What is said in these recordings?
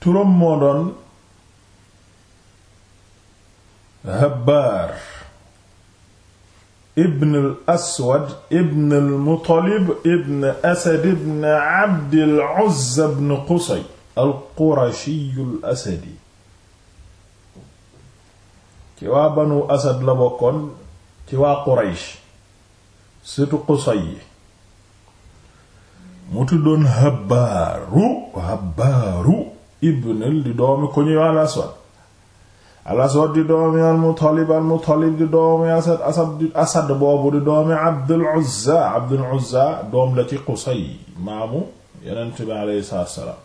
turam moo doon habbaar ibn aswad ibn al ibn asad ibn abd al uzza ibn qusay al qurashi al ci waa banu asad la bokkoon ci waa quraysh surtout qusay yi mu tuddoon habbaaru ibnul di doomi ku ñuy al aswad al aswad di doomi al muttalib al muttalib di doomi asad asad di asad boobu di doomi abdul uzza abdul uzza doom la ci qusay maamu yonent bi aleyhi salaatu salaam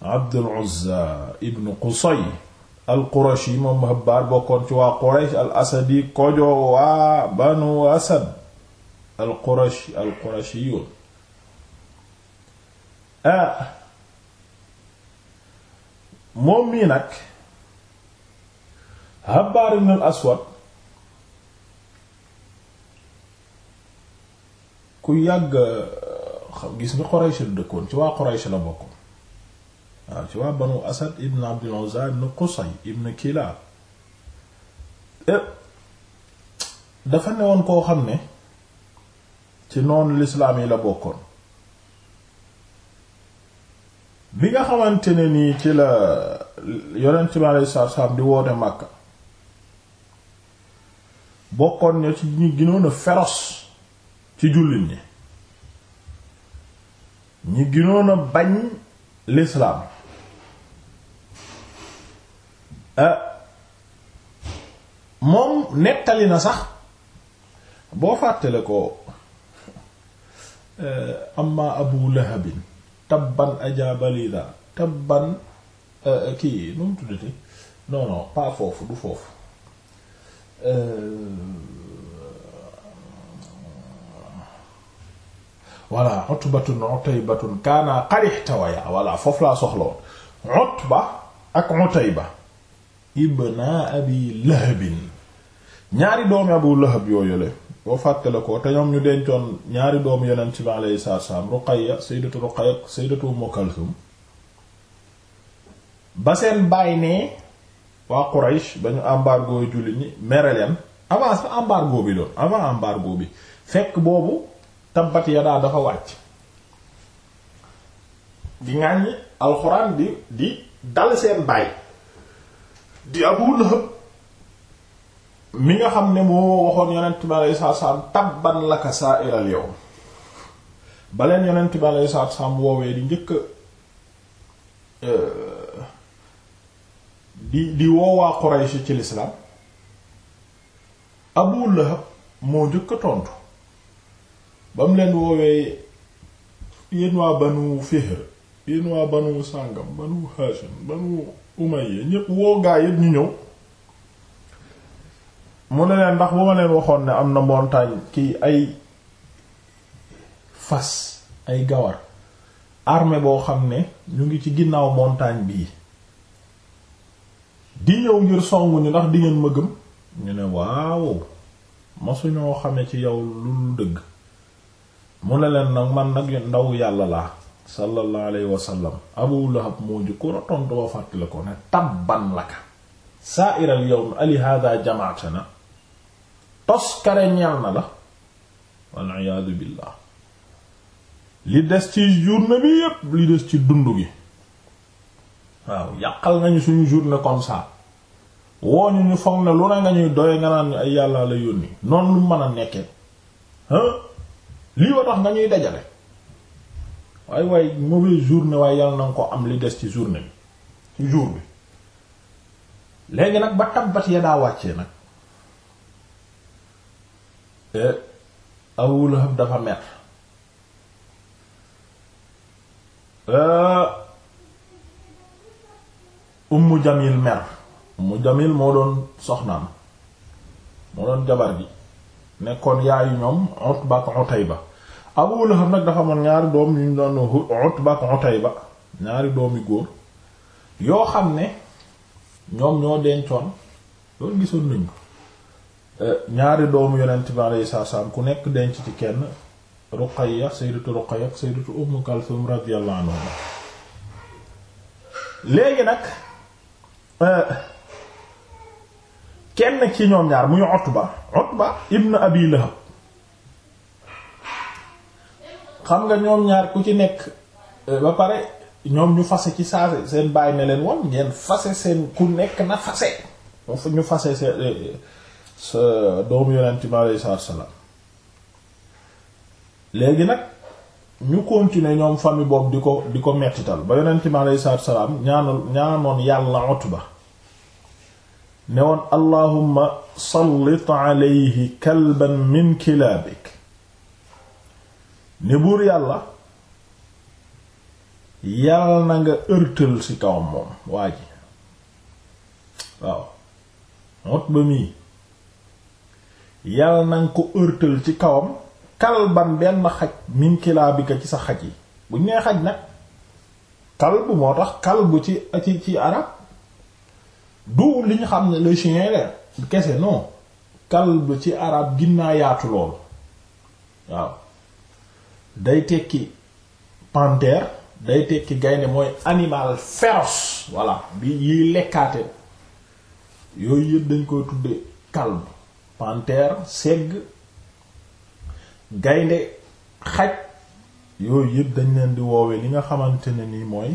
abdul uzza ibnu qusay al qurashi moom habbaar bokkoon ci waa quraysh al asadi kojo waa banu asad al qurashi al qurashi yoon ah moom mii nag Habbaar ibn al Aswad ku yàgg gis nga Quraysh la dëkkoon ci waa Quraysh la bokkoon waaw ci waa Banu Asad ibn Abdul Uzza ibn Qusay ibn Kilaab e, dafa newoon koo xam ne ci noonu lislaam yi la bokkoon bi nga xamante ne nii ci la yonent bi alayhi salaatu salaam di woote Makka bokkoon na ci ñi gënoon a féroce ci jullit ñi ñi gënoon a bañ l'islam euh, moom nettali na sax boo fàttale ko euh, amma Abu Lahabin tabban ajabalida tabban euh, euh, kii nu mu tuddati non non pas foofu du foofu euh, voilà utbatun utaybatun kaana qarixtawaya voilà foofu laa soxlawoon utba ak utayba ibna abi lahabin ñaari doomi abu lahab yooyule boo fàttale ko te ñoom ñu dencoon ñaari doom yonent bi alayhi salaam Ruqayya sayyidatu Ruqayya sayyidatu Umm Kalsum ba seen baay nee ba ñu embargo jullit ñi mere bi doon avant embargo bi fekk dafa wàcc di dal seen baay di Abu Lahab mi nga xam ne moo waxoon yonent bi alayhi salaatu salaam tabban laka sa'iral yawm baleen yonent bi alayhi salaatu salaam woowee di njëkk euh, di di woowaa Quraysh ci lislaam Abu Lahab moo njëkk tontu ba mu leen woowee yéen waa banu Fihr yéen waa banu sàngam banu Haashim banu Umayya ñépp woo gaa yépp ñu ñëw mu ne leen ndax bu ma leen waxoon ne am na montagne kii ay fas ay gawar armée boo xam ne ñu ngi ci ginnaaw montagne bii di ñëw ngir songu ñu ndax di ngeen ma gëm ñu ne waaw masuñoo xame ci yow lu dëgg mu ne leen nag man nag ndaw yàlla laa sallallahu alayhi wasallam abu lahab moo jëkkoon a tontu ba ko ne tabban laka sa'iral yawm ali hadha jama'tana toskare ñeel na la wal iyaadu billah li des ci journée bi yépp li des ci dund gi waaw yàqal nañu suñu journée comme ça woo ñu ñu foog ne lu ne nga ñuy doye nga naan ñu ay yàlla la yónni noonu lu mën a nekkee lii wa tax nga ñuy dajale waaye waaye mauvaise journée waaye yàlla na nga ko am li des ci journée bi ci jour bi léegi nag ba tabbat ya daa wàccee nag Abu Lahab dafa mer euh, Ummu Jamil mer Ummu Jamil moo doon soxnaam moo doon jabar ji nekkoon yaayu ñoom Utba ak Utayba Abu Lahab nag dafa amoon ñaari doom yu ñu doon Utba ak Utayba ñaari doomi góor yoo xam ne ñoom ñoo dencoon loolu gisoon nañ ñaari doomu yonent bi alayhi salaam ku nekk denc ci kenn Ruqayya sayyidatu Ruqayya ak sayyidatu Umm Kalthum radiyallahu anha léegi nag euh, kenn ci ñoom ñaar muy Utba Utba ibn Abi Lahab xam nga ñoom ñaar ku ci nekk euh, ba pare ñoom ñu fase ci saa seen bàyyi ne leen woon ngeen fase seen ku nekk na fase ñu fase seen euh, sa doomu yonent mi aleyhi salaatu salaam léegi nag ñu continuer ñoom famille boobu di ko di ko mettital ba yonent mi aleyhi salaatu salaam ñaanul ñaanoon yàlla Utba ne woon allahumma sallit alayhi kalban min kilaabik ne buur yàlla yàlla na nga ërtal ci kawam moom waa ji waaw Utba mii yàlla nanga ko ërtal ci kawam kalban benn xaj min kilaabika ci sa xaj yi buñ nee xaj nag kalbu moo tax kalbu ci ci ci arab du li ñu xam ne le chien la kese non kalbu ci arab ginnaa yaatu loolu waaw day tekki panthère day tekki gaynde mooy animal féroce voilà bi yiy lekkaate yooyu yëpp dañ koy tudde kalbu panthère segg gaynde xaj yooyu yëpp dañ leen di woowe li nga xamante ne nii mooy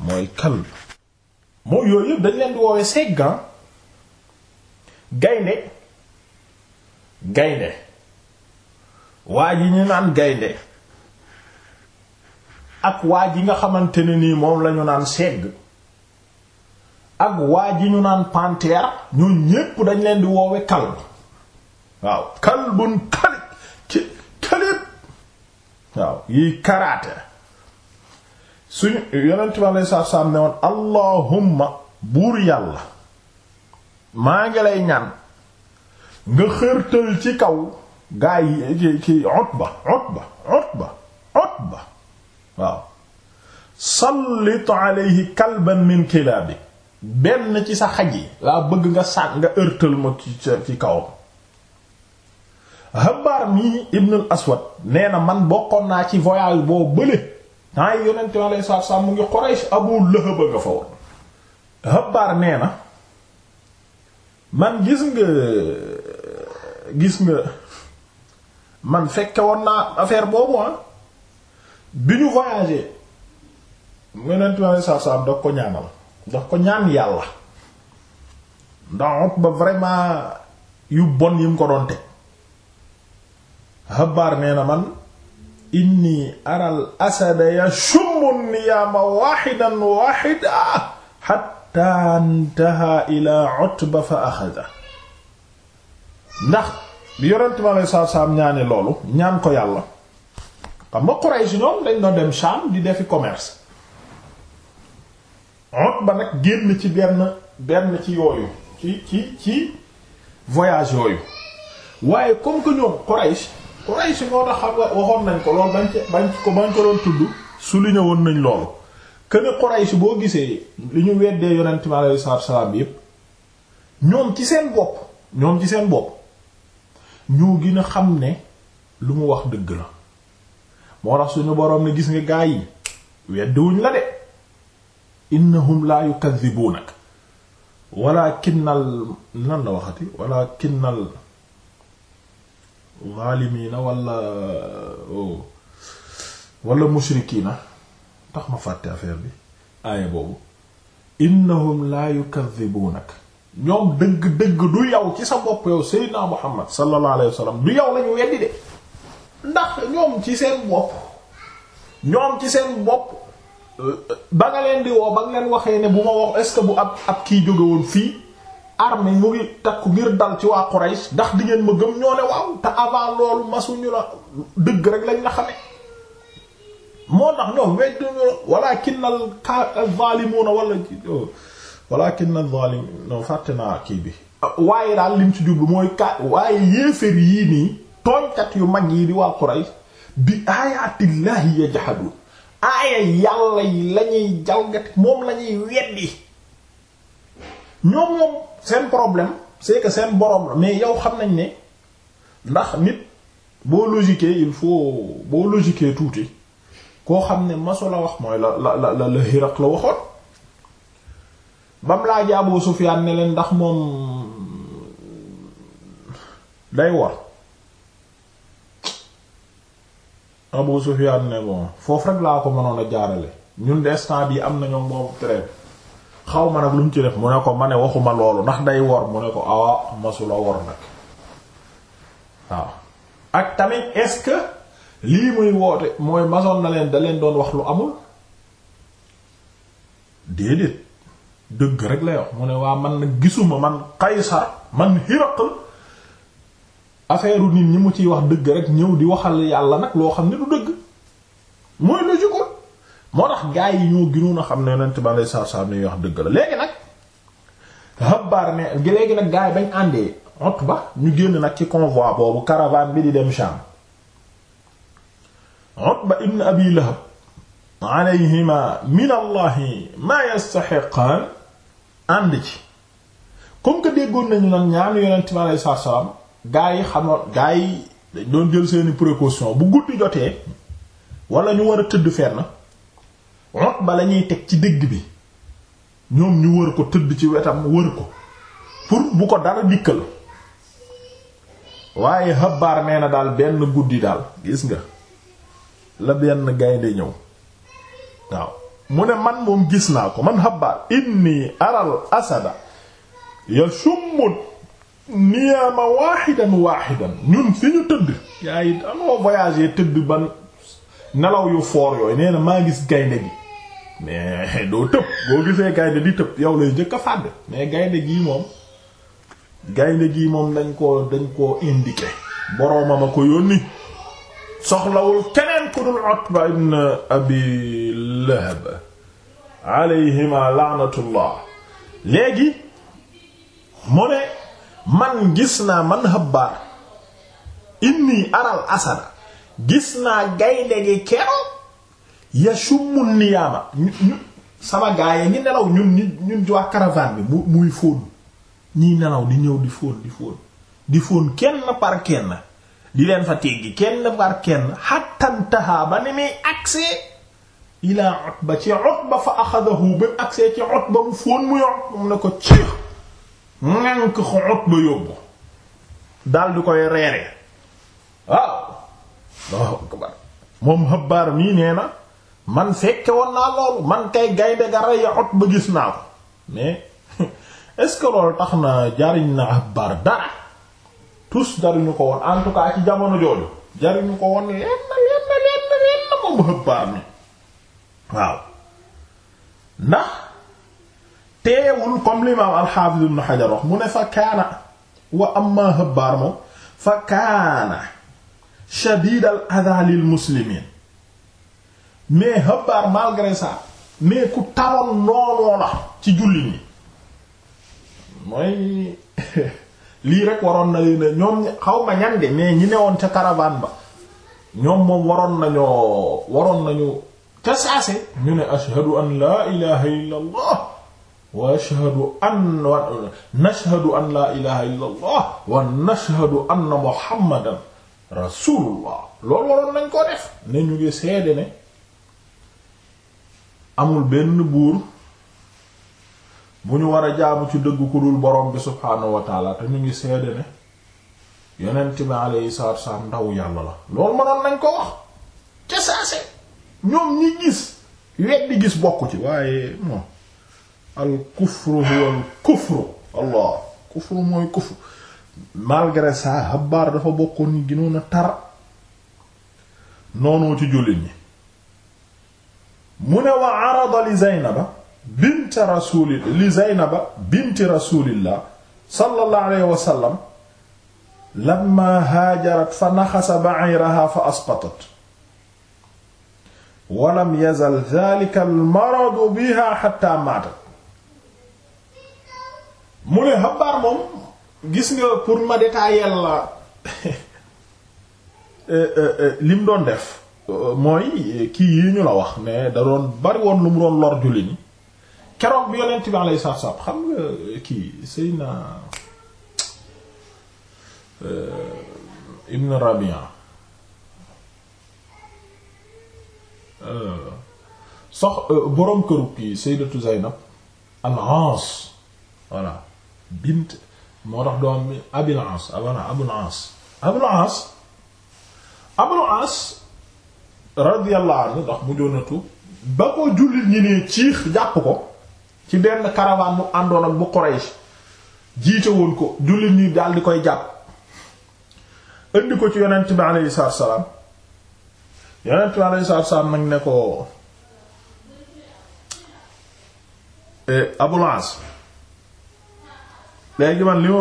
mooy kal mooy yooyu yëpp dañ leen di woowe seggan ah. gaynde gaynde waa ji ñu naan gaynde ak waa ji nga xamante ne nii moom lañu naan segg ak waa ji ñu naan panthère ñu ñépp dañ leen di woowe kalb waaw kalbun kalib ki kalib waaw yiy karaate suñu yonent bi allahumma buur yàlla maa ngi lay ñaan nga xërtal ci kaw gaa yi ci Utba Utba Utba Utba waaw sallit kalban min kilabik benn ci sa xaj yi laa bëgg nga sànq nga ërtal ma ci kaw Habbar mii Ibnul Aswad nee na man bokkoon naa ci voyage boo bële temps yi yonent mi alayhi mu ngi Quraysh Abu Lahab nga fa woon Habbar nee na man gis nga gis nga man fekke woon naa affaire boobu ah bi ñu voyagé yonent mi alayhi salaatu salaam dog ko ñaanal ndax ko ñaan yàlla ndax ba vraiment yu bon yi mu ko doon teg habaar nee na man inni aral asada yashummu niyaama waaxidan waaxida xatta intaha ila utba fa axada ndax bi yonent mi alei saatu salaam ñaane loolu ñaan ko yàlla xam nga Quraysh ñoom dañ doon dem Sham di defi commerce Utba nag génn ci benn benn ci yooyu ci ci ci voyage yooyu waaye comme que ñoom Quraysh Quraysh moo tax xam nañ ko loolu bañ ci bañ ko bañ ko doon tudd souligné woon nañ loolu que ne boo gisee li ñu weddee yonent mi alayhi salaatu salaam yépp ñoom ci seen bopp ñoom ci seen bopp ñu gën xam ne lu mu wax dëgg la moo tax suñu boroom ne gis nga gaa yi weddiwuñ la de. innahum la yukadibuunak walakinnal nan la waxati walakinnal zaalimiina wala oh, wala mushrikiina tax ma fàtte affaire bi aaya boobu innahum la yukadibuunak ñoom dëgg-dëgg du yow ci sa bopp yow Seydina Muhammad sallallahu alayhi wa du yow lañu weddi de ndax ñoom ci seen bopp ñoom ci seen bopp ba nga leen di woo ba nga leen waxee ne bu ma wax est bu ab ab kii jóge woon fii armée mu ngi takku ngir dal ci waa Quraysh ndax di ngeen ma gëm ñoo ne waaw te avant loolu masuñu la dëgg rek lañ la xamee moo tax ñoom wejdu ñu walakin al-zalimuna wala walakin al-zalimuna fàtte naa kii bi waaye daal lim ci jublu mooy kaa waaye yéeféer yii nii tooñkat yu mag yi di waa Quraysh bi ayatillahi yajhadun aaya yàlla yi lañuy jalgati moom lañuy weddi ñoom moom seen problème c'est que seen borom la mais yow xam nañ ne ndax nit boo logiquer il faut boo logiquer tuuti koo xam ne maso la wax mooy la la la la Hiraq la waxoon bam laa jaaboo Sufyaan ne leen ndax moom day war Abu Sufyan ne bon foofu rek laa ko mënoon a jaarale ñun de instant yi am nañoo ñoom moom trêve xaw ma nag lu mu ci def mu ne ko ma ne waxuma loolu ndax day wor mu ne ko awaa ah, masula wor nag waaw ak tamit est-ce que lii muy woote mooy masoon na leen da leen doon wax lu amul déedéet dëgg rek lay wax mu ne waa man nag gisuma man Qaysar man Hiraql affaire nit ñi mu ciy wax dëgg rek ñëw di waxal yàlla nag loo xam ne du dëgg mooy logique moo tax gaa yi ñoo gënoon a xam ne yonent bi alayhi salaatu wax dëgg la léegi nag Habbar ñu génn nag ci convoi boobu caravane bi di dem Sham Utba ibn Abi Lahab alayhima min ma yastaxiqaan ànd ci comme que déggoon nañu nag ñaanu yonent bi alayhi salaam gaa yi xamoon gaa yi doon jël seeni précaution bu guddi jotee walla ñu war a tëdd fenn Utba la ñuy teg ci digg bi ñoom ñu wër ko tëdd ci wetam wër ko pour bu ko dara dikkal waaye Habbaar nee na daal benn guddi daal gis nga la benn gaynde ñëw waaw mu ne man moom gis naa ko man Habbaar inni aral asada ya summut niyaama waaxidan waaxidan ñun fi ñu tëdd yaa yi danoo tëdd ban nelaw yu foor yooyu nee na maa gis gaynde gi mais doo tëb boo gisee gaynde di tëb yow lay njëkk a fàdd mais gaynde gi moom gaynde gii moom dañ ko dañ koo indiqué boroomam a ko yónni soxlawul keneen ku dul Utba ibn Abi Lahab alayhima la'natullah léegi mu ne man gis naa man habbaar inni aral asada gis naa gaynde gi keroog ya summu niyaama ñu sama gaa yi ñi nelaw ñun ñun ñun waa caravane bi muy fóon ñiy nelaw di ñëw di fóon di fóon di fóon kenn par kenn di leen fa teggi kenn par kenn xattantahaa ba ni muy agsee ilaa Utba ci ba ci Utba mu fóon mu mu ne ko ciix ŋànk ko Utba yóbbu dal di koy reere waaw moom Habbaar mii nee na man fekke woon naa loolu man kay gaynde ga rey ba gis naa ko mais est-ce que loolu tax na jariñ na Habbaar dara tous jariñu ko woon en tout cas ci jamono jooju jariñu ko woon lenn lenn lenn lenn moom Habbaar mi waaw ndax teewul comme l'imam al-Hafiz ibn Hajar wax mu ne fa kaana wa amma Habbaar moom fa kaana shadid al-adha lil muslimin mais Habbaar malgré ça mais ku taroon noonoo la ci jullit ñi mooy lii rek waroon na ne ñoom xaw ma ñan de mais ñi ca caravane ba ñoom moom waroon nañoo waroon ca saase ñu ne ashhadu an laa ilaha illa allah waa ashhadu an wa nashhadu laa ilaha illa allah wa nashhadu anna muhammadan rasulullah loolu waroon nañ koo def ne ñu ngi seede ne amul benn buur bu ñu war a jaamu ci dëgg ku dul borom bi subhaanahu wa te ñu ngi seede ne yonent bi alayhi salaatu wasalaam ndaw yàlla la loolu mënoon nañ ko wax ca saase ñoom ñi gis weddi gis bokku ci waaye moom al kufru huwa al kufru allah kufru mooy kufru malgré ça Habbaar dafa bokkoon ni ginoon a tar noonoo ci jullit ñi mu ne wa arada li Zaynaba bint rasuli li Zaynaba binti rasulillah sallallahu alayhi wa sallam lamma haajarat fa naxasa ba'iraha fa asbatat wa lam yazal dhaalika al maradu biha hatta maatat mu ne xabaar moom gis nga pour ma détailler la euh, euh, euh, lim doon def mooy kii yi ñu la wax ne da doon bari lu mu doon lor julli ni keroog bi yonent bi alayhi xam kii Seydina Ibn Rabia sox boroom këru kii Sayyidatu Zaynab al-Aas voilà bint moo tax doom bi Abul As abana Abul As Abul As Abul As radiyallahu ndax mu joonatu ba ko jullit ñi ne ciix jàpp ko ci benn caravane mu àndoon ak bu Quraysh jiite woon ko jullit ñi daal di koy jàpp indi ko ci yonent bi alayhi salaatu wa salaam yonent bi alayhi salaatu salaam nag ne ko eh, Abul As léegi man li ma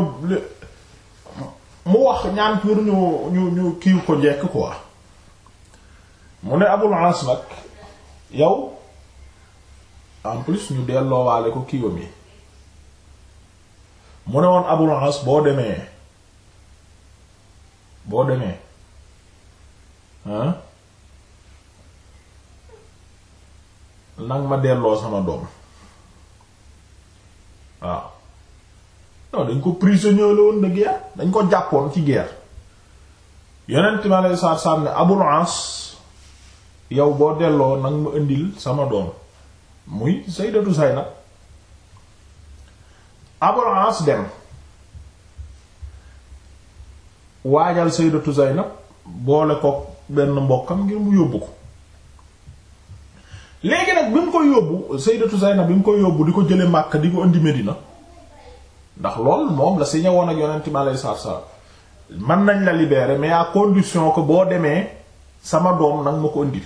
mu wax ñaan pour ñu ñu ñu kiiw ko jekk quoi mu ne Abul As nag yow en plus ñu waale ko kiiwam yi mu ne woon Abul As boo demee boo demee hein nag ma delloo sama doom waaw non dañ ko prisonnier la woon de guerre dañ ko jàppoon ci guerre yonent ma lay saar saar Abul As yow boo delloo nag ma indil sama doom muy Sayyidatu Zaynab Abul As dem waajal Sayyidatu Zaynab boole ko benn mbokkam ngir mu yóbbu ko léegi nag bi mu koy yóbbu Sayyidatu Zaynab bi mu koy yóbbu di ko jële Makka di ko indi Medina ndax lool moom la signé woon ak yonent mi alayhi salaatu salaam mën nañ la libérer mais à condition que boo demee sama doom nag ma ko indi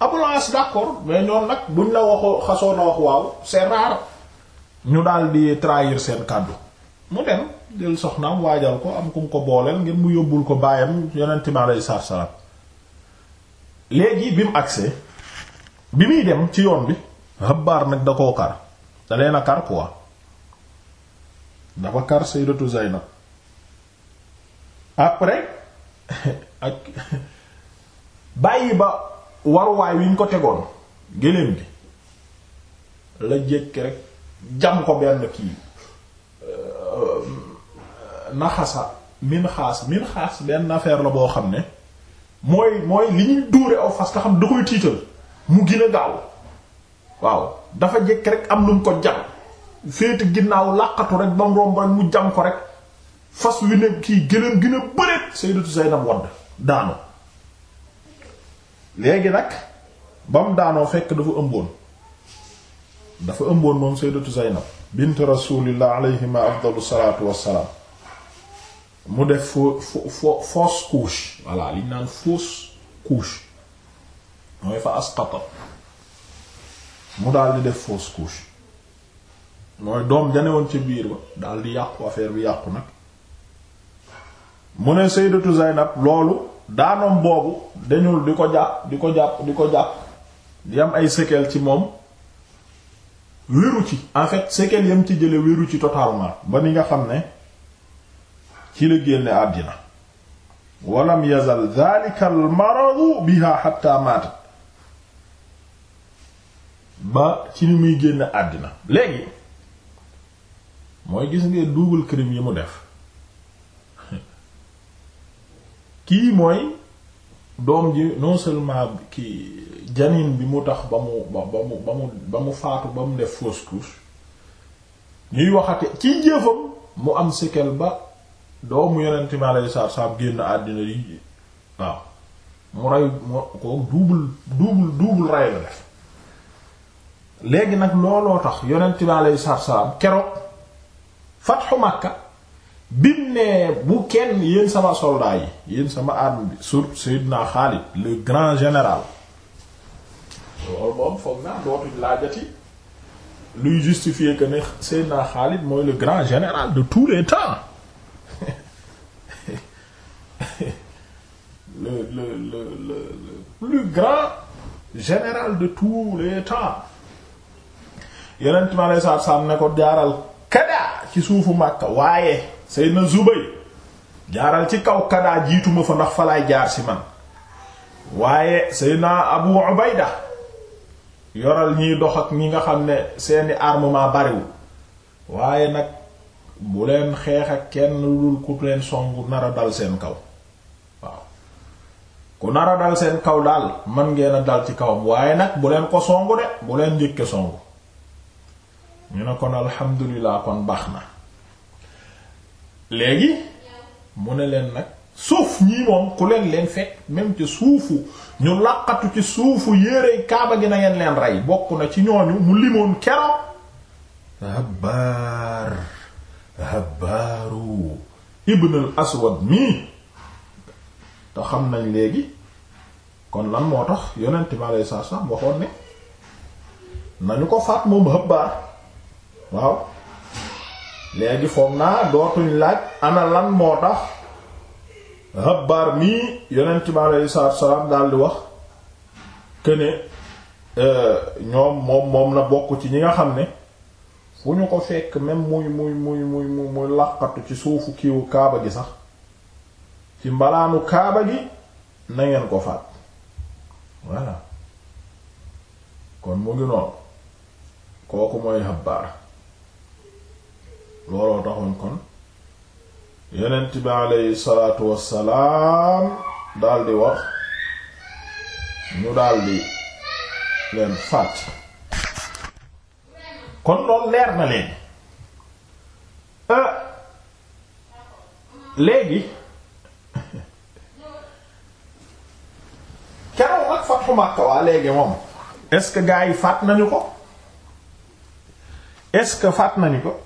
Abul As d'accord mais ñoom nag buñ la waxoo xasoon na wax waaw c'est rare ñu daal di trahir seen kàddu mu dem jël soxnaam waajal ko am ku ko booleel ngir mu yóbbul ko baayam yonent mi alayhi salaatu léegi bi agsee bi muy dem ci yoon bi Habbar nag da koo kar da leen kar quoi. dafa kar sayyidatu Zaynab après ak bàyyi ba waruwaay wi ñu ko tegoon géléem gi la jékki rek jam ko benn kii euh, naxasa min xaas min xaas benn affaire la boo xam ne mooy mooy li ñuy dóore aw fas nga xam da koy tiital mu gën a gaaw waaw dafa jékki rek am lu mu ko jam féete ginnaaw làqatu rek ba mu romb rek mu jam ko rek fas wi ne kii gëléem gën a bëreet Sayyidatu Zaynab wadd daanu léegi nag ba mu daanoo fekk dafa ëmboon dafa ëmboon moom Sayyidatu Zaynab bint rasulillah alayhima afdalu salaatu wassalaam mu def fo fo fausse couche voilà liñ naan fausse couche mooy fa asqata mu daal di def fausse couche mooy doom janewoon ci biir ba daal di yàqu affaire bi yàqu nag mu ne sayyidatu Zaynab loolu daanoom boobu dañul di ko jàpp di ko jàpp di ko jàpp di am ay séquelles ci moom wéru ci en fait yam ci jële wéru ci totalement ba ni nga xam ne ci la génne àddina walam yazal dhalika al maradu biha hatta maatat ba ci li muy génne àddina léegi mooy gis ngeen duubal crime yi mu def kii mooy doom ji non seulement ki janin bi mu tax ba mu ba mu ba mu ba mu faatu ba mu def fausse couche ñuy waxate ci jëfam mu am séquelle ba doomu yonent mi alayhi salaatu salaam génn àddina yi waaw mu rey mu ko double double double rey la def léegi nag looloo tax yonent mi alayhi salaatu salaam keroog fatxu Makka bim ne bu kenn yéen sama soldat yi yéen sama arme bi sur Seydina Khalid le grand général loolu moom foog naa dootuñ laajati luy justifier que ne Seydina Khalid mooy le grand général de tous les temps le le le plus grand général de tous les temps yeneen i ma lay ne ko jaaral kada ci suufu Makka waaye Seydina Zubayr jaaral ci kaw kadaa jiituma fa ndax fa jaar si man waaye Seydina Abu Ubayda yoral ñiy dox ak ñi nga xam ne seeni armement bariwul waaye nag bu leen xeex ak kenn lu dul ku leen songu nar a dal seen kaw waaw ku nar dal seen kaw daal mën ngeen a dal ci kawam waaye nag bu leen ko songu de bu leen njëkke songu ñu ne kon alhamdulilah kon baax na léegi mu ne leen nag suuf ñii moom ku leen leen fekk même ci suufu ñu laqatu ci suufu yére kaaba gi nangeen leen rey bokk na ci ñooñu mu limoon keroog habbaar habbaaru ibn al aswad mii te xam nañ léegi kon lan moo tax yonent mi aleyhi salaatu salaam waxoon ne nañu ko faat moom habbaar waaw léegi foog naa dootuñ laaj ana lan moo tax Habbaar mii yonent bi aleyhi salaatu salaam daal di wax këne euh, ñoom moom moom la bokk ci ñi nga xam ne fu ñu ko fekk même muy muy muy muy muy muy laqatu ci suufu kiiwu kaaba gi sax ci mbalaamu kaaba gi na ko faat voilà kon mu ngi noonu kooku mooy Habbaar looloo taxoon kon yonent bi aleyhi salaatu wassalaam daldi wax ñu daldi leen faat kon loolu leer na leen euh, léegi keroog ak fatxu Makka waa léegi moom est-ce que gaa yi fàtt nañu ko est-ce que faat nañu ko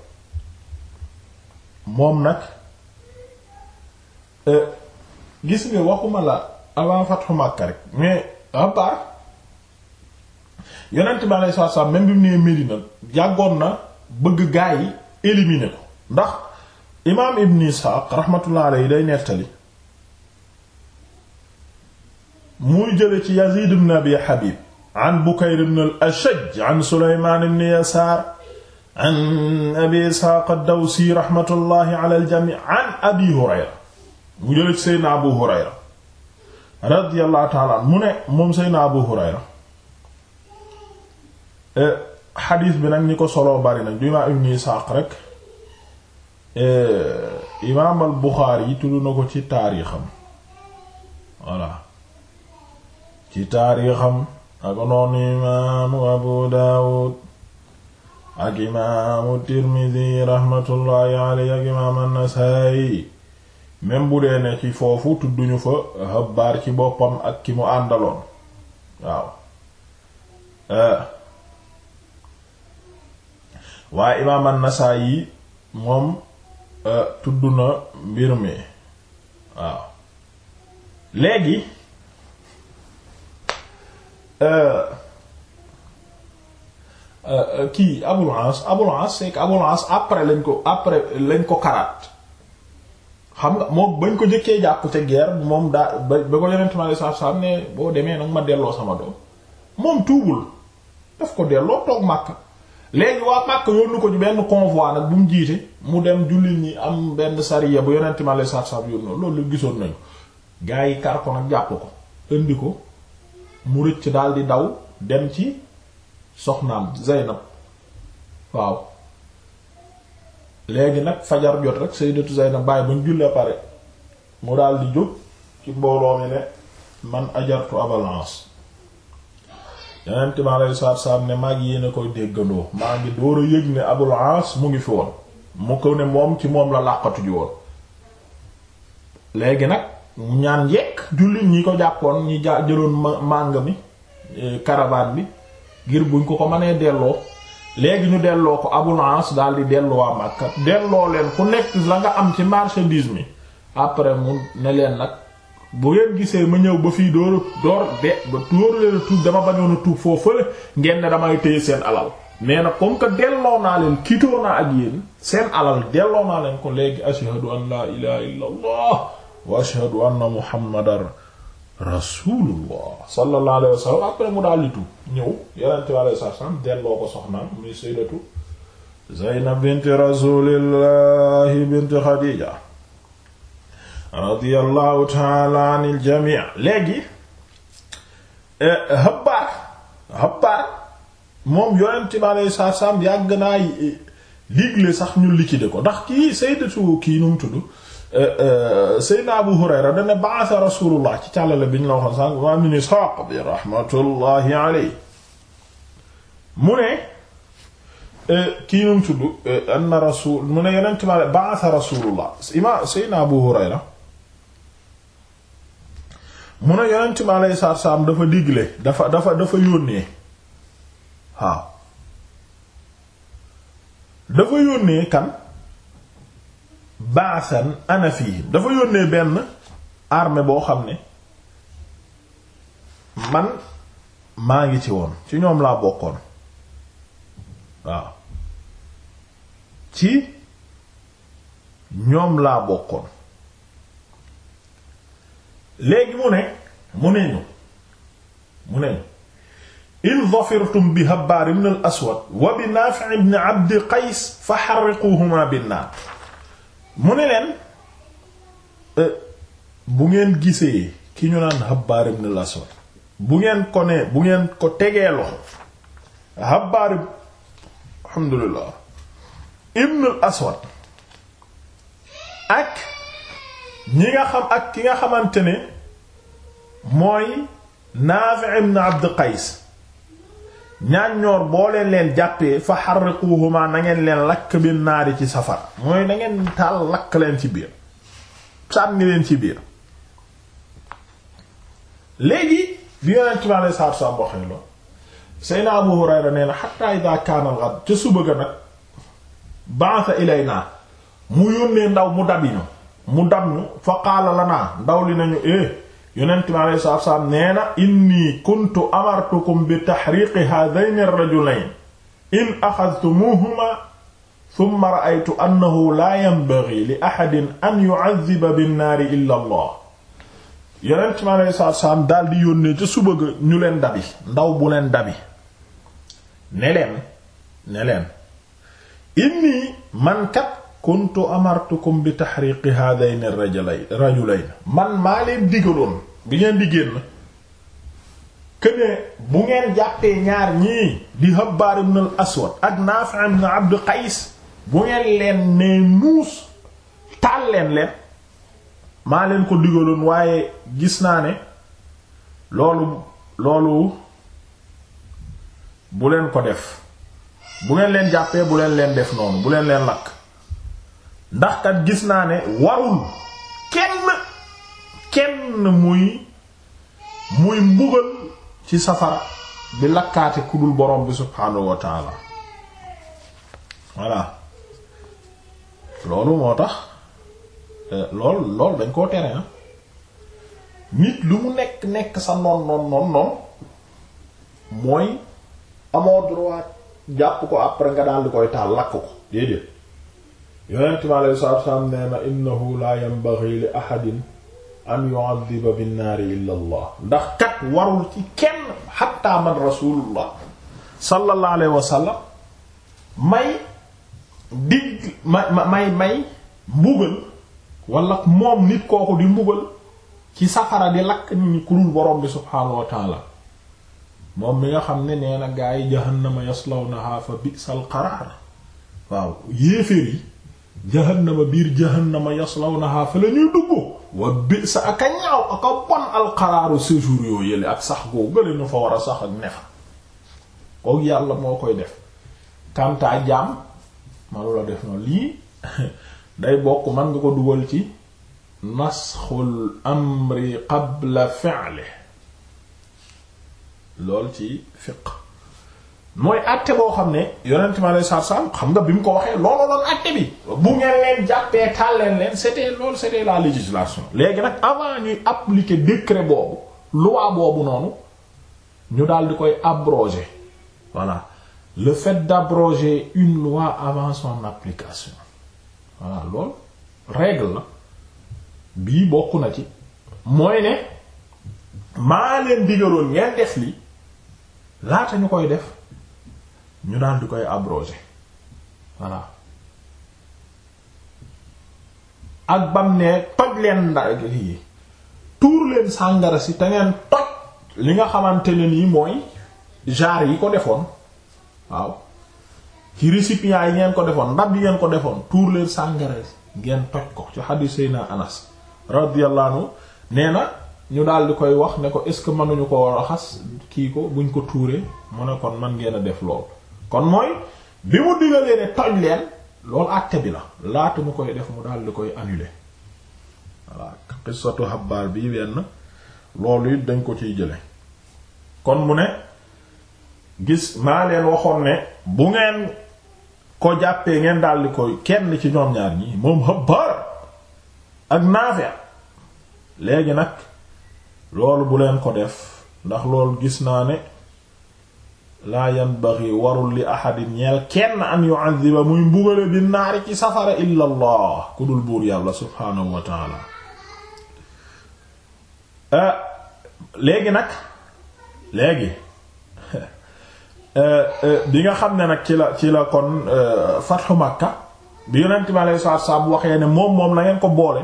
moom nag euh, gis ni waxuma la avant fathu Makka mais à yonent bi alayhi salaatu salaam même bi mu nee Medina na bëgg gaa yi éliminer ko ndax imaam Ibn Ishaq rahmatullah alayhi day nettali muy jële ci Yazid ibn Habib an Bukayr ibn ashaj an Sulaymaan ibn Yasaar an abi isxaaq ad-dawsi raxmatullahi ala al-jamii an abi hurayra mu jële ci seydna abu hurayra radiyallahu taala an mu ne moom seydna abu hurayra e, xadiis bi nag ñi ko soloo bari nag du imaam ibn isxaaq rek e, imaam al buxaari yi tudd na ko ci taarixam voilà ci taarixam ak noonu imaamu abu daawud ak imaamu tirmidi rahmatullahi alayhi ak imaam an-Nasaa'i même bu dee ne ci foofu tudduñu fa Habbaar ci boppam ak ki mu àndaloon waaw eh, waaye imaam an-Nasaa'i moom eh, tudd na mbir mi waaw léegi. Eh, Euh, euh, kii Abul As Abul As c'est après lañ ko après lañ ko karaat xam nga moom bañ ko jëkkee jàpp te guerre moom daa ba ba ko yeneen tamit saaf ne boo demee nag ma delloo sama doom moom tuubul daf ko delloo toog Makka léegi waa Makka yónnu ko ci benn convoi nag bu mu jiite mu dem jullit ñi am benn sariya bu yeneen tamit saaf saaf yónnu loolu gisoon nañu gaa yi kar ko jàpp ko indi ko mu rëcc daal di daw dem ci. soxnaam Zaynab waaw léegi nag fajar jot rek sayyidatu Zaynab bàyyi ba ñu jullee pare mu daldi di jóg ci mbooloo mi ne man ajartu abalance yeneen time alay saab saab ne maa ngi yéene koy déggandoo maa door a yëg ne abul mu ngi fi woon mu ko ne moom ci moom la làqatu ji woon léegi nag ñaan yekk jullit ñi ko jàppoon ñi jaa- jëloon màng mi eh, caravane bi ngir buñ ko ko mënee delloo léegi ñu delloo ko Abul As daal di delloo waa Makka delloo leen ku nekk la nga am ci marchandise mi après mu ne leen nag bu ngeen gisee ma ñëw ba fii door door de ba door leen tuub dama bañoon a tuub foofu fële ngeen ne damay téye seen alal mais na comme que delloo naa leen kitoo naa ak yéen seen alal delloo naa leen ko léegi ashhadu an laa ilaha illa allah wa ashhadu anna muhammadan rasulullah sallallahu alayhi wa sallam après mu daal di tuub ñëw yonente bi alayhi salaam delloo ko soxnaam muy sayyidatu Zaynab bint rasulillah bint Khadija radiyallahu ta'ala anil jami' léegi eh, Habbaar Habbaar moom yonente bi alayhi salaam yàgg naa eh, digle sax ñu liquider ko ndax kii sayyidatu kii nu mu tudd Euh, euh, Seydina Abu Hurayra dana ba'atha Rasulullah ci càllale bi ñu la waxoon sànq ma min Ishaq bi rahmatullahi alayhi mu ne euh, kii num rasul mu ne ba'atha Rasulullah ima Abu Hurayra mu ne yonent dafa digle dafa dafa dafa yónnee waaw dafa yónnee kan ba'san ana fihim dafa yónnee benn arme boo xam ne man maa ngi ci woon ci ñoom laa bokkoon waaw ci ñoom laa bokkoon léegi mu ne mu ne ñu mu ne ñu in dhafirtum bi Habbaar ibn al-Aswad wa bi Naafi' ibn Abdi Qays fa harriquhumaa bin mu ne leen euh, bu ngeen gisee ki ñu naan Habbaar ibn aswad bu ngeen ko ne bu ngeen ko tegee loxo Habbaar alhamdulillah ibn al-Aswad ak ñi nga xam ak ki nga xamante ni mooy Naafi ibn Abd Qays ñaan ñoor boo leen leen jàppee fa harriquhuma na nangeen leen lakk bi yi ci safara mooy na ngeen taal lakk leen ci biir sànni leen ci biir léegi bi yonent bi alei saatu salaam waxee loolu Seydina Abu Hurayra nee na hatta idha kaana al ca suba ga nag ba'atha ilayna mu yónnee ndaw mu dab ñu mu dab ñu fa qaala lanaa ndaw li nañu eh yonent mi alayhi salaatu salaam nee na inni kuntu amartukum bi tahriqi haadayni rajulayn in axadtumuuhuma thumma ra'aytu annahu laa yanbaghi li ahadin an yu'adhdhiba bin-naari illa Allah yonent mi alayhi salaatu salaam daal di yónnee ca suba ga ñu leen dabi ndaw bu leen dabi ne leen ne leen inni man kat kuntu amartukum bi tahriqi haadayni rajulayn man maa leen digaloon bi ngeen di génn këne bu ngeen jàppee ñaar ñii di Habbaar ibn al Aswad ak Naafi ibn Abd Qays bu ngeen leen nee nuus taal leen leen maa leen ko digaloon waaye gis naa ne loolu loolu bu leen ko def bu ngeen leen jàppee bu leen leen def noonu bu leen leen lakk ndax kat gis naa ne warul kenn kenn muy muy mbugal ci safara bi lakkaate ku dul borom bi subhaanahu wa taala loolu moo tax euh, lool lool dañ koo tere ah. nit lu mu nekk nekk sa noon noon noon noon mooy amoo droit jàpp ko après nga daal di koy taal lakk ko déedéet yonent mi alayhi salaatu nee na innahu la yanbaghi li ahadin al an yu'adhiba naar illa allah ndax kat warul ci kenn xatta man rasulullah sallallahu alayhi wa sallam may digg ma may may mbugal wala moom nit kooku di mbugal ci safara di lakk nit ñi ku dul borom bi subhaanahu wa moom mi nga xam ne nee na gaa yi jahannama yaslawnaha fa bi'sal qaraar waaw yéeféer yi jahannama biir jahannama yaslawnaha fa la ñuy dugg wa bi sa aka ñaaw aka bon alxaraaru séjour yoo yële ak sax koo gële ñu fa war a sax kook yàlla moo koy def kantaa jaam manu la def noonu lii day bokk man nga ko dugal ci nasxul amri qabla fi'li lool ci fiqh mooy àtte boo xam ne yonent mi alayhi salaatu salaam xam nga bi mu ko waxee looloo doon àtte bi bu ngeen leen jàppee taal leen leen c'était loolu c'était la législation léegi nag avant ñuy appliquer décret boobu loi boobu noonu ñu daal di koy abroger voilà le fait d'abroger une loi avant son application voilà loolu règle la bii bokk na ci mooy ne maa leen digaloon ngeen def li laata ñu koy def ñu daal di koy abrogé voilà ak bam ne toj leen ndar yi tuur leen sàngara si te ngeen toj li nga xamante ne nii mooy genre yi ko defoon waaw ci récipients yi ngeen ko defoon ndab yi ngeen ko defoon tuur leen sàngara si ngeen toj ko ci xadiis Seydina Anas radiyallahu anhu nee na ñu daal di koy wax ne ko est ce que mënuñu ko raxas kii ko buñ ko tuuree mu ne kon man ngeen a def lool kon mooy bi mu digalee ne toj leen loolu àtte bi la laata mu koy def mu daal koy annuler voilà xisatu xabaar bii wenn loolu it dañ ko ciy jële kon mu ne gis maa leen waxoon ne bu ngeen ko jàppee ngeen daldi di koy kenn ci ñoom ñaar ñi moom xabaar ak naafee léegi nag loolu bu leen ko def ndax loolu gis naa ne laa yanbaghi warul li ahadin ñeel kenn an yu'adhiba muy mbugale bi naar ci safara illa allah ku dul buur yàlla subhaanahu wa taala ah, léegi nag léegi ah, ah, bi nga xam ne nag ci la ci la kon fatxu Makka bi yonent bi alayhi salaatu wa waxee ne moom moom la ngeen ko boole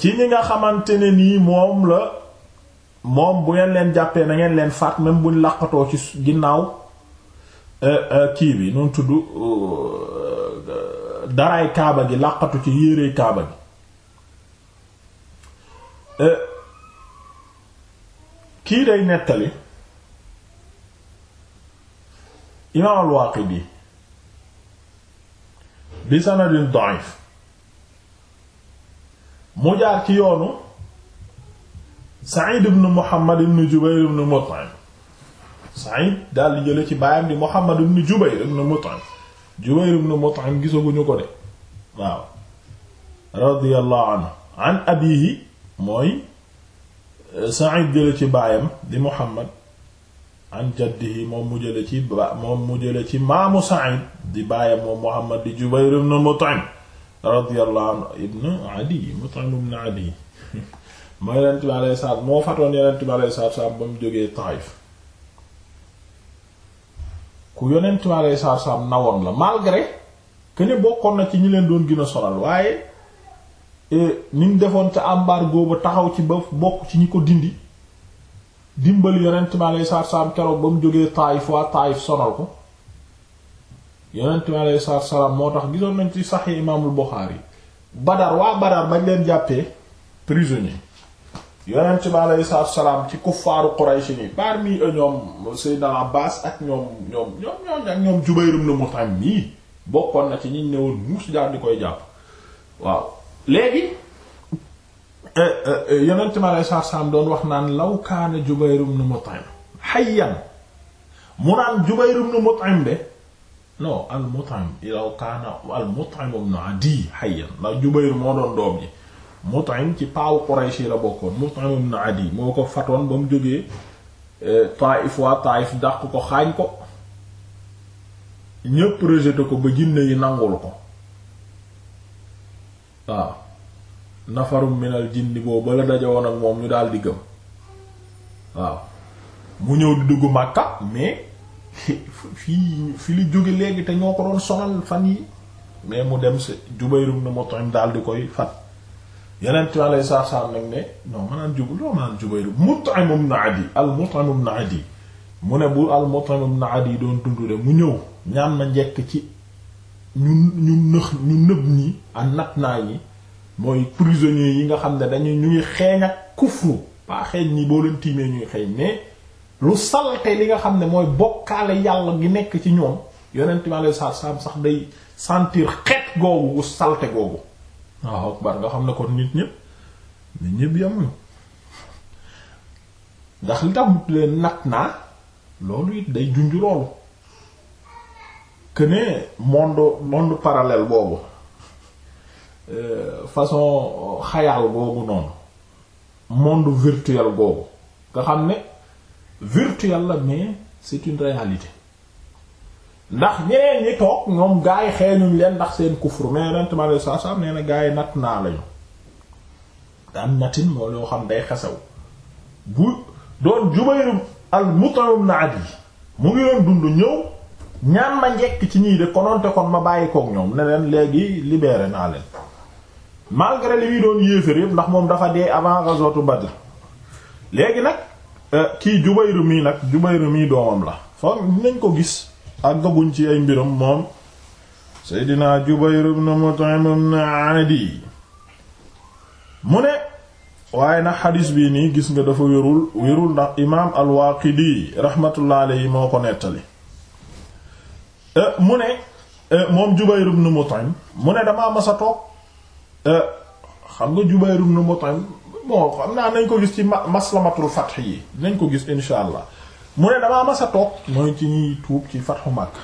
ci ñi nga xamante ne nii moom la moom bu ngeen leen jàppee na ngeen leen faat même buñ làqatoo ci ginnaaw euh, euh, kii bi nun tudd euh, daraay kaaba gi làqatu ci yéerey kaaba gi kii day nettali imaam al-Waaqidi bi sanadin da'if mu jaar ci yoonu Saïd ibn Muhammad ibn Jubayr ibn Mut'im Saïd daal di jële ci baayam di Muhammad ibn Jubayr ibn Mut'im Jubayr ibn Mut'im gisaguñu ko de waaw radiyallahu anhu an abihi mooy euh, Saïd jële ci baayam di Muhammad an jaddihi moom mu jële ci ba moom mu jële ci maamu Saïd di baayam moom Muhammad di Jubayr ibn Mut'im radiyallahu anhu ibn Adi Mut'im ibn Adi moo yonent bi alayhi salaam moo fatoon yonent bi alayhi salaam ba mu jógee Taif ku yonent bi alayhi salaam nawoon la malgré que ne bokkoon na ci ñi leen doon gën a sonal waaye e, ni mu defoon ca embargo ba taxaw ci ba bokk ci ñi ko dindi dimbali yonent bi alayhi salaam keroog ba mu jógee Taif waa Taif sonal ko yonent bi alayhi salaam moo tax gisoon nañ ci Sahih Imaamul Bukhari Badar waa Badar bañ leen jàppee prisonnier yonent bi aleyhi salaam ci kuffaaru Quraysh ni parmi eux ñoom Seydina Abbaas ak ñoom ñoom ñoom ñoom ak ñoom Jubayr ibn Mut'im nii bokkoon na ci ñiñ newoon muus daal di koy jàpp waaw léegi eh, eh, yonent bi aleyhi salaam doon wax naan law kaana Jubayr ibn Mut'im hayyan mu naan Jubayr ibn Mut'im de non al Mut'im law kaana al Mut'im ibn Adi hayyan ndax Jubayr moo doon doom ji Mut'im ci paawu Quraysh la bokkoon Mut'im ibn Adi moo ko fatoon ba mu jógee eh, Taif waa Taif dàq ko xaañ ko ñépp rejeté ko ba jinne yi nangul ko waaw nafarum minal jinni boobu la daje woon ak moom ñu daal di gëm waaw mu ñëw di dugg Makka mais fii fi li jóge léegi te ñoo ko doon sonal fan yi mais mu dem si Jubayrum na Mut'im daal di koy fat yeneen tubaab lay saa saa nag ne non maanaam jublu non maanaam jublu Mut'im ibn Adi al Mut'im ibn Adi mu ne bu al Mut'im ibn Adi doon dund de mu ñëw ñaan na njekk ci ñu ñu nëx ñu nëb ñi ak nat naa yi mooy prisonniers yi nga xam ne dañuy ñu ngi xeeñ ak kufru pas xeeñ ni boo leen tiimee ñuy xeeñ mais lu salte li nga xam ne mooy bokkaale yàlla gi nekk ci ñoom yonent bi alayhi salaam sax day sentir xeet googu gu salte googu. waaw akbar nga xam ne ko nit ñëpp nit ñëpp yamuñu ndax li tax leen nat naa loolu it day junj loolu que ne monde monde parallèle boobu euh, façon xayal boobu noonu monde virtuel boobu nga xam ne virtuel la mais c'est une réalité ndax ñeneen ñi toog ñoom gaa yi xeeñuñ leen ndax seen kufru mais ren tamit saa saa nee na gaa yi natt naa lañu daan natin moo loo xam day xesaw bu doon Jubayr al-Mut'im ibn Adi mu ngi doon dund ñëw ñaan ma njekk ci ñii de konoonte kon ma bàyyi koog ñoom ne leen léegi libéré naa leen malgré li doon yéefar yëpp ndax moom dafa dee avant ghazwatu Badr léegi nag euh, kii Jubayr mii nag Jubayr mii doomam la foog nañ ko gis. àggaguñ ci ay mbiram moom seydinaa Jubayr ibn Mut'im mu ne waaye na xadis bii nii gis nga dafa wérul wérul ndax imaam al-Waaqidi rahmatullah alayhi moo ko nettali eh, mu ne eh, moom Jubayr ibn Mut'im mu ne damaa mas eh, xam nga Jubayr ibn Mut'im bon xam naa nañ ko gis ci maslamatul fath yi nañ ko gis insha allah mu ne damaa mas toog mooy ci ñuy tuub ci fatxu Makka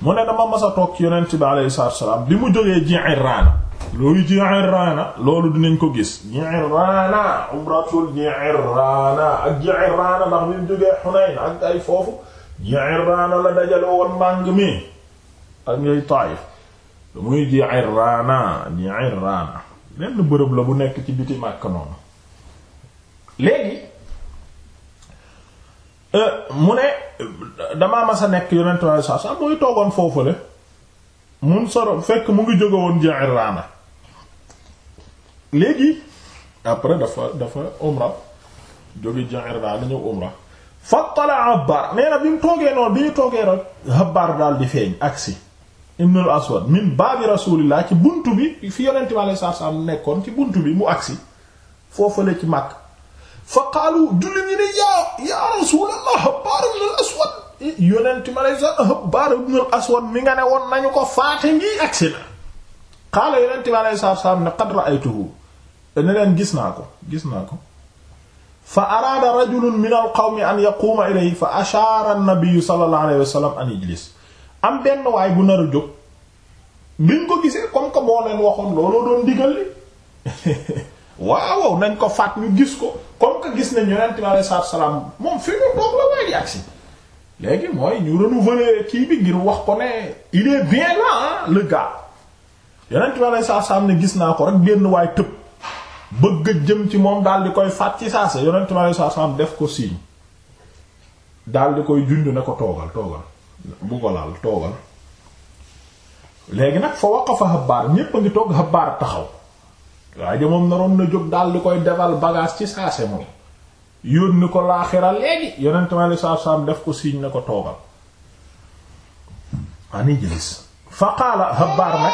mu ne dama mas toog ci yonent bi alayhi salaatu wasalaam bi mu jógee Ji'irraana loolu Ji'irraana loolu dinañ ko gis Ji'irraana umratul Ji'irraana ak Ji'irraana ndax bi mu jógee Xunayn ak ay foofu Ji'irraana la dajale woon màng mi ak ngay Taayif muy Ji'irraana Ji'irraana lenn bërëb la bu nekk ci biti Makka noonu léegi Euh, mu ne damaa ma sa nekk yonent bi sallallahu alayhi wasallam mu toogoon foofule mun soro fekk mu ngi jóge woon Ji'irraana léegi après dafa dafa umra jóge Ji'irraana ñëw umra fattala Habbaar nee na bi mu toogee noonu bi ñu toogee rek Habbaar daal di feeñ agsi ibnul aswad min baabi rasulillah ci bunt bi fi yonent bi sallallahu alayhi nekkoon ci bunt bi mu agsi foofale ci Makka fa qaalu jullit ñi ne yaa yaa rasuulallah Habbaar ibn aswad yonent ma lay sa Habbaar ibn aswad mi nga ne woon nañu ko faate ngi agsi na qaala yonent ma lay sa saam ne qad ra'aytuhu ne leen gis naa ko gis naa ko fa araada rajulun min al-qawmi an yaquuma ilayhi fa ashaara an-nabiyyu sallallahu an yajlis am benn waay bu nar a jóg ko gisee comme que moo waxoon looloo doon digal li waaw nañ ko faat ñu gis ko comme que gis nañ yonent bi alayhi salaatu salaam moom fi mu toog la waay di agsi léegi mooy ñu renouveler kii bi ngir wax ko ne il est bien là le gars yonent bi alayhi ne gis naa ko rek benn waay tëb bëgg a jëm ci moom daal di koy faat ci saa sa yonent bi alayhi salaatu def ko signe daal di koy junj ne ko toogal toogal bu ko laal toogal léegi nag fa waqafa Habbaar ñépp ngi toog Habbaar taxaw. waaye ja moom naroon na jóg daal lu koy defal bagage ci saase moom yónni ko laaxira léegi yonent mi alei satu salaam def ko siiñ na ko toogal ani jëlis fa qaala Habbaar ne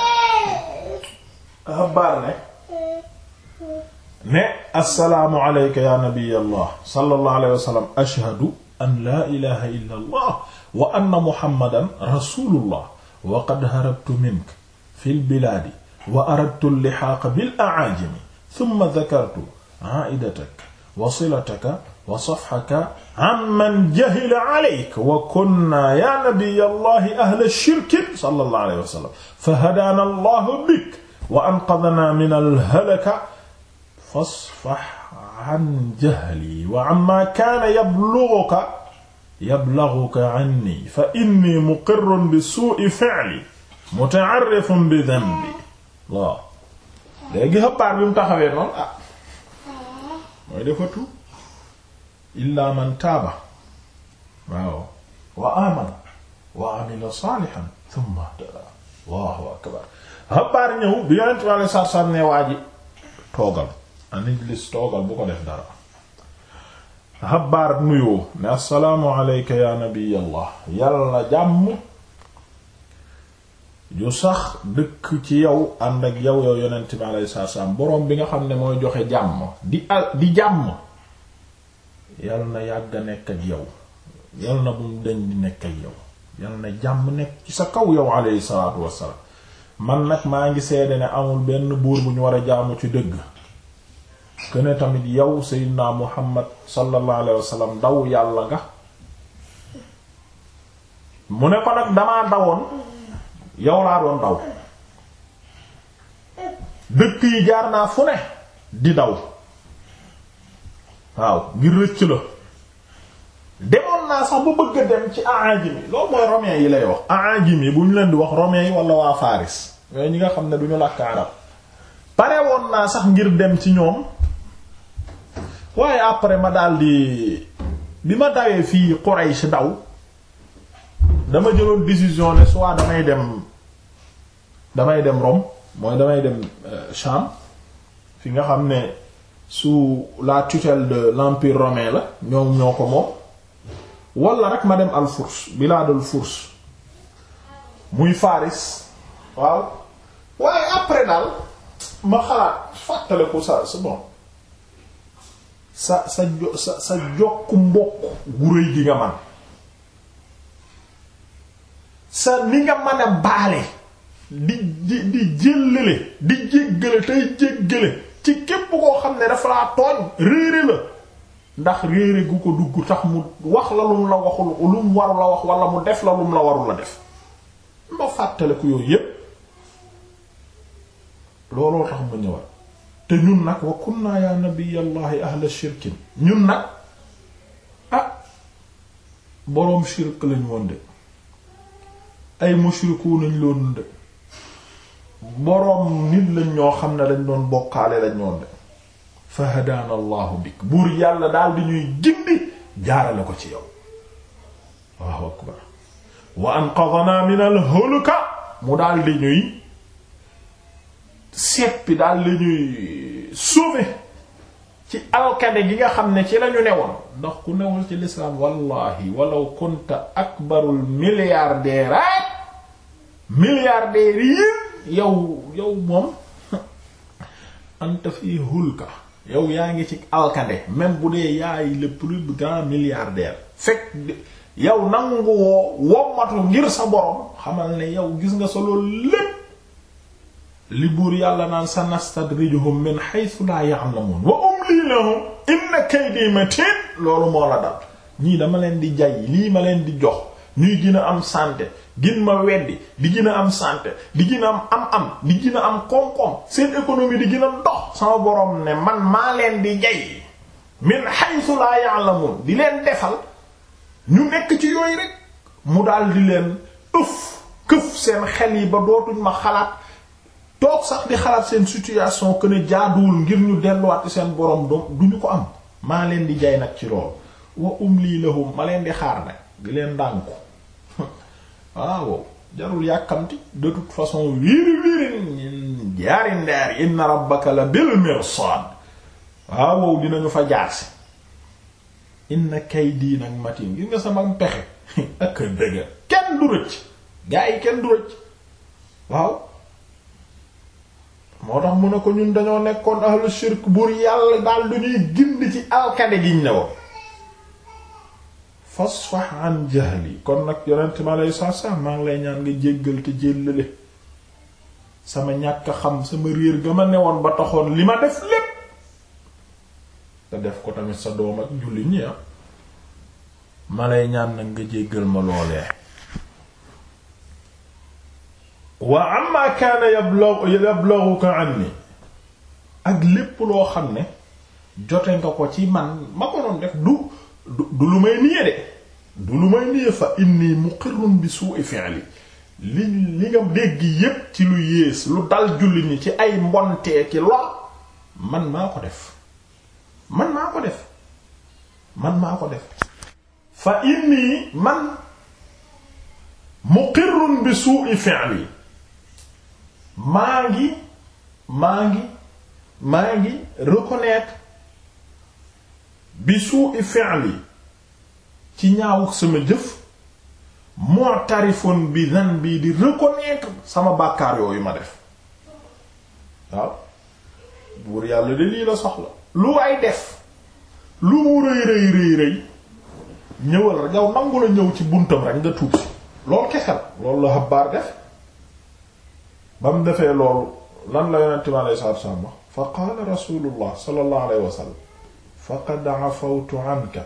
Habbaar ne ne assalaamu alayka ya nabiy allah sallallahu alayhi wa an laa ilaha illa wa anna muhammadan rasulullah wa qad harabtu minka fil bilaadi wa aradtu al-lihaaq bil a'aajimi thumma dhakartu 'aa'idataka wa silataka wa safhaka 'amman jahila 'alayka wa kunnaa yaa nabiyya llaahi ahla shirkin sallallaahu 'alayhi wa sallam fahadanaa llaahu bika wa anqadhanaa min al-halaka fasfah 'an jahlii wa 'ammaa kaana yablughuka yablughuka 'annii fa innii muqirrun bi suu'i fi'lii muta'arrifun bi dhanbii waaw léegi xabaar bi mu taxawee noonu ah mooy dafa tu illa man taaba waaw wa amana wa amila salihan thumma allahu akbar xabaar ñëw bi yonent bi alei satu ne waa toogal an ijlis toogal bu ko def dara xabaar nuyoo ne assalaamu alayka ya nabiyallah yàlla jàmm ju sax dëkk ci yow ànd ak yow yow yonent bi alayhi salaam boroom bi nga xam ne mooy joxe jàmm di al di jàmm yal na yàgg a nekk ak yow yal na bu mu deñ di nekk ak yow yal na jàmm nekk ci sa kaw yow alayhi salaatu wassalaam man nag maa ngi seede ne amul benn buur bu ñu war a jaamu ci dëgg këne tamit yow seydinaa muhammad sallallahu alayhi wasallam ndaw yàlla nga mu ne ko nag damaa dawoon yow laa doon daw dëkk yi jaar naa fu ne di daw waaw ngir rëcc la demoon naa sax ba bëgg dem ci aajimi loolu mooy romain yi lay wax aajimi bu ñu leen di wax romain yi wala waa Faris ñooy ñi nga xam ne du ñu làkk arab pare naa sax ngir dem ci ñoom waaye après ma daldi bi ma dawee fii ci daw dama jëloon décision ne soit damay dem damay dem Rome mooy damay dem Cham euh, fi nga xam ne su la tutel de l'empire romain la ñoom ñoo ko moom wala rek ma dem al Furs bilaadul Furs muy Faris waaw waaye après daal ma xalaat fàttaliku sa sa bon sa sa jo sa sa jokk mbokk gu rëy nga man sa ni nga mën baale di di di jéllale di jéggale tey jéggale ci képp koo xam ne dafa laa tooñ réere la ndax réere gu ko dugg tax mu wax la lum la waxul lum waru la wax wala mu def la lum la waru la def ma fàttale ko yooyu yépp looloo tax ma ñëwaat te ñun nag wa kunna ya nabiyallahi ahla shirkin ñun nag ah boroom shirk lañ woon de ay mushriku nañ loonu de boroom nit lañ ñoo xam ne lañ doon bokkaale lañ ñoon de fa hadaana allahu bik buur yàlla daal di ñuy gindi jaarale ko ci yow allahu akbar wa anqadana min al huluka mu daal di ñuy seppi daal di ñuy sauver ci alkade gi nga xam ne ci lañu newoon ndax ku newul ci lislaam wallahi walaw kunta akbarul milliardaire milliardaire yow yow moom anta fii hulka yow yaa ngi ci alkande même bu dee yaay le plus grand milliardaire fekk yow nangu woo wommatu ngir sa borom xamal ne yow gis nga solo lépp li buur yàlla naan sa nastadrijuhum min haythu la ya'lamun wa umli lahum inna kaydi matin loolu moo la dal ñii dama leen di jay lii ma leen di jox ñuy gën a am santé gin ma weddi di gën a am santé di gën a am am-am di gën a am koom-koom seen économie di gën a dox sama borom ne man maa leen di jay min haythu la ya'lamun di leen defal ñu nekk ci yooyu rek mu dal di leen ëf këf seen xel yi ba dootuñ ma xalaat toog sax di xalaat seen situation que ne jaaduwul ngir ñu delluwaat seen borom doom du ko am maa leen di jay nag ci loolu lii umli lahum ma leen di xaar nag di leen ndànku ah, waaw jarul yàkkamti de toute façon wiiri wiiri jaari ndeer inna rabbaka la bil mirsad ah, waaw dinañu fa jaar si inna kaydi nag matin gis nga sama pexe ak dëgg kenn du rëcc gaa yi kenn du rëcc waaw moo tax mun na ko ñun dañoo nekkoon ahlu shirk buur yàlla daal du ñuy ci alkade gi ne fasfax an jahli kon nag yonent ma lay sax sax maa ngi lay ñaan nga jéggal te jéllale sama ñàkk xam sama réer ga ma newoon ba taxoon li ma def lépp te def ko tamit sa doom ak julli ñi ah ma lay ñaan nag nga jéggal ma loolee wa amma kaana yablu yabluka anni ak lépp loo xam ne jote nga ko ci man ma ko doon def du du lu may niye de du lu may niye fa inni muqirrun bi su'i fi'li li li nga dégg yépp ci lu yées lu dal julli ñi ci ay mbontee ki lool man maa ko def man maa ko def man maa ko def fa inni man muqirrun bi su'i fi'li maa ngi maa ngi maa ngi reconnaître bi suu'i fi'li ci ñaawuk sama jëf moo tarifoon bi dhan bii di reconnaître sama bàkkaar yooyu ma def waaw buur yàlla de lii la soxla lu ay def lu mu rëy rëy rëy ñëwal rek yow nangu la ñëw ci buntam rekk nga tuub si loolu kese la loolu la xabaar def ba mu defee loolu lan la yonent mi alayhi salaatu wa fa qaala rasuulullah sallallahu alayhi wa faqad afawtu anka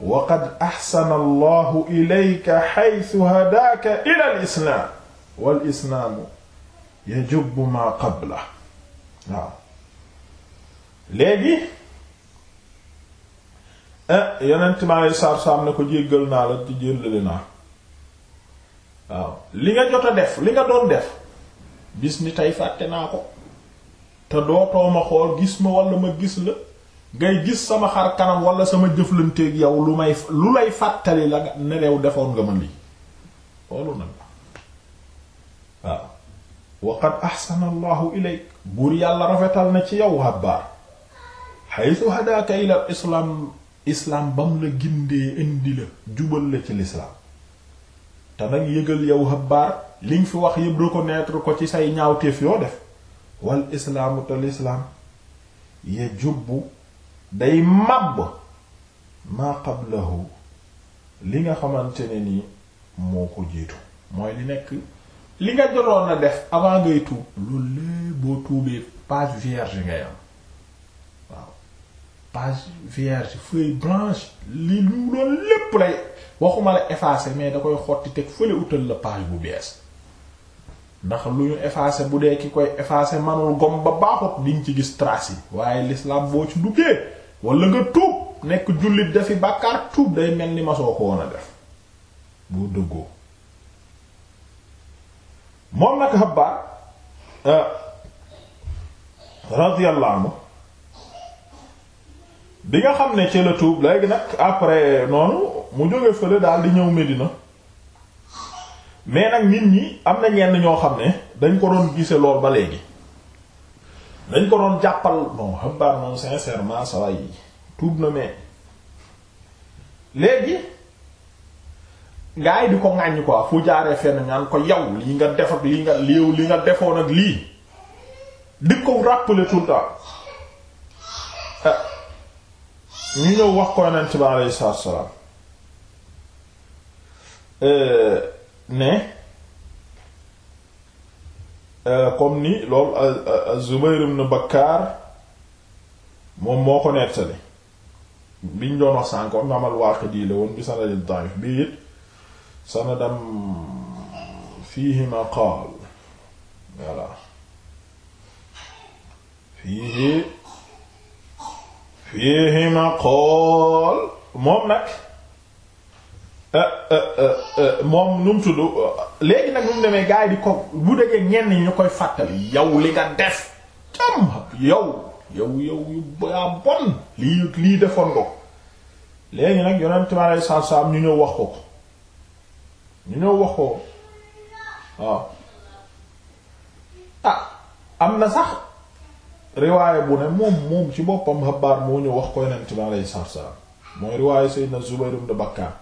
wa qad axsana allahu ilayka xaytu hadaaka ila al islaam wal islaamu yajubbu qabla waaw léegi eh, yonent mi alei saatu salaam ne ko jéggal naa la te jéllale naa waaw li nga jot a def li nga doon def bis ni tey fàtte naa ko te dootooma xool gis ma walla ma gis la ngay gis sama xar kanam wala sama jëflanteeg yow lu may lu lay fàttali la nelew defoon nga ma lii loolu nag waaw waqad ahsana allahu ilayk buur yàlla rafetal na ci yow habbaar haythu hadaaka ila islaam islaam bam la gindee indi la jubal la ci lislaam te nag yëgal yow habbaar li nga fi wax yëpp reconnaître ko ci say ñaawteef yoo def wal islaamu te lislaam ya jubbu day màbb maa qablahu li nga xamante ne ni moo ko jiitu mooy li nekk li nga joroon a def avant ngay tuub loolu lée boo tuubee page vierge ngay am waaw page vierge feuille blanche li lu doon lépp lay waxuma la effacer mais da koy xotti teg fële utal la page bu bees ndax lu ñu effacer bu dee ki koy effacer manul gom ba baaxut diñ ci gis trace yi waaye l'islam boo ci duggee wala nga tuub nekk jullit dafi bàkkaar tuub day mel ni ma soo ko woon a def bu dëggoo moom nag Habbaar euh, radiyallahu bi nga xam ne ci la tuub léegi nag après noonu mu jóge fële daal di ñëw Medina mais nag nit ñi am na ñenn ñoo xam ne dañ ko doon gise lool ba léegi dañ ko doon jàppal bon xabaar moom sincèrement saway yi tuub na mais léegi gars yi di ko ŋàññ quoi fu jaaree fenn ñaan ko yow li nga def ak li nga léew li nga defoon ak lii di ko rappeler tout le ah, ñëw wax ko yonent bi aleyhi salaatu wa salaam euh, ne Euh, comme ni loolu Zubayr ibn Bakkar moom moo ko nettali biñ doon wax sànko imaam al-Waaqidi la woon bi sanad da'if bi it sanadam fiihi fiihi fiihi maqaal moom nag Euh, euh, euh, moom nu mu tudd léegi nag nu mu demee gars di ko bu dëggee ñenn ñi ñu koy fàttali yow li nga def tam yow yow yow yu yaa bon lii lii defoon nga léegi nag yonent mi aleyhi salaatu salaam ñu ñëw wax ko ñu ñëw wax ko waaw ah am na sax riwaaye bu ne moom moom ci boppam xabaar moo ñu wax ko yonent mi aleyhi salaatu salaam mooy riwaaye Seydina Zubayr ibn Bakkar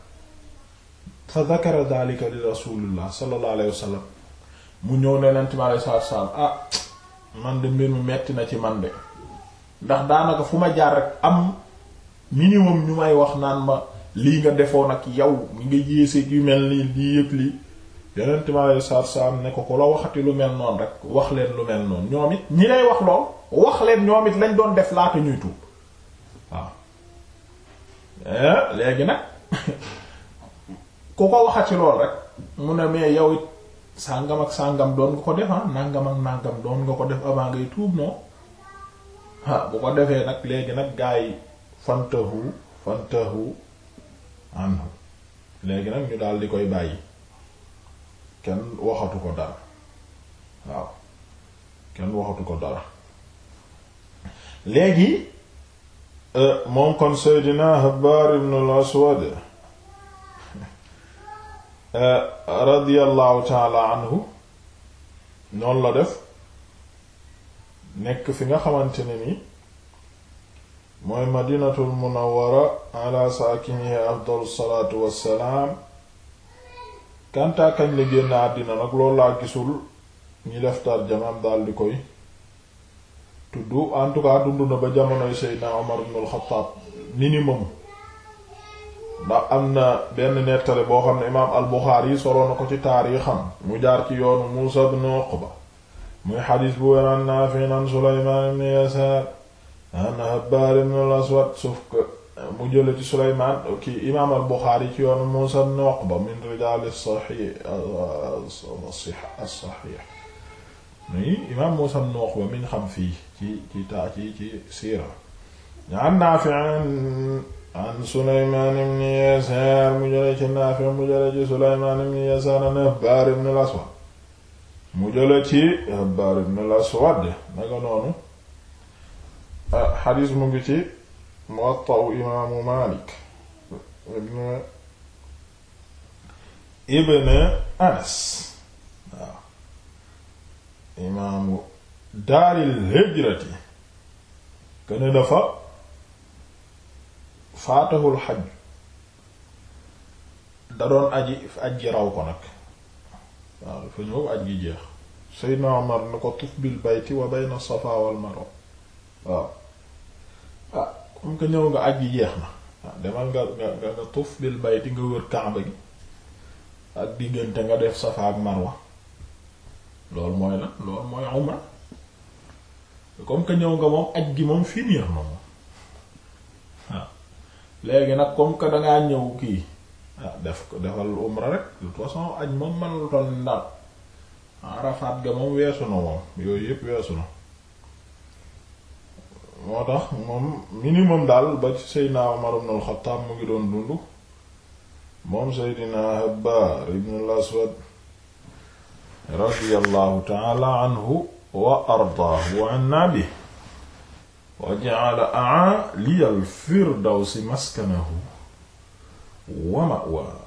fa dakara daalika li rasulillah sallallahu alayhi mu ñëw ne leen tubaab saabsaab ah man de mbir mi metti na ci man de ndax daanaka fu ma jaar rek am minimum ñu may wax naan ma lii nga defoon ak yow mi nga yéeseeg yu mel nii lii yëg lii yeneen tubaab saabsaab ne ko ko la waxati lu mel noonu rek wax leen lu mel noonu ñoom it ñi lay wax lool wax leen ñoom it lañ doon def laata ñuy tuub waaw eh, léegi nag. ku ko waxati lool rek mu ne mais yow it sàngam ak sàngam doon nga ko def ah nàngam ak nàngam doon nga ko def avant ngay tuub non ah bu ko defee nag léegi nag gaa yi fantahu fantahu anhu léegi nag koy bàyyi kenn waxatu ko dara waaw ko dara léegi euh, moom kon Seydina Habbar ibn al-Aswad Eh, radiyallahu taala anhu noonu la def nekk fi nga xamante ne ni mooy madinatul munawwara ala saakinihi afdalu salaatu wassalaam kantaakañ la génn àddina nag loolu laa gisul ñi def tarjamaam daal di koy tudd en tout cas dund na ba jamonoy Seydina Omar ibn al minimum ndax am na benn nettale boo xam ne imaam al-Buxaari yi soloo na ko ci taarixam mu jaar ci yoonu Muusaa ibn Uqba muy xadiis bu wér an Naafi' an Sulaymaan ibn Yasaar an Habbaar ibn al-Aswad suuf mu jële ci Sulaymaan ki imaam al-Buxaari ci yoonu Muusaa ibn Uqba min rijaal as-saxiix as-saxiix muy imaam Muusaa ibn Uqba xam fii ci ci taa ci ci an Naafi' an Sulaymaan ibn Yasaar mu jële ci Naafi mu jële ci ibn Yasaar an Abbaar ibn al mu jële ci Abbaar ibn al-Aswad naka noonu ah, xadiis mu ngi ci Muwatta imaamu Maalik ibn ibn Anas imaamu daaril hijrati kenn dafa faatahul xaj da doon aji aji raw ko nag waaw dafa ñëw aj gi jeex Seydina Omar na ko tuf bil bayti wa bayna Safa wal Marwa waaw ah comme que ñëw nga aj gi jeex na ah, demal nga nga nga tuf bil bayti nga wër Kaaba gi ak diggante nga def Safa ak Marwa loolu mooy la loolu mooy umra comme que ñëw nga moom aj gi moom finir na moom léegi nag comme que dangaa ñëw kii ah, def ko defal umra rek de toute façon aj moom mënul toll ni daal Arafat ga moom weesu na moom yooyu yëpp weesu na moo tax moom minimum daal ba ci Seydina Umar ibn al mu ngi doon dund moom Seydina Habbar ibn aswad radiyallahu ta'ala wa ardaahu wa anna bihi wa ja'ala a'aliyal firdawsi maskanahu wa ma'wa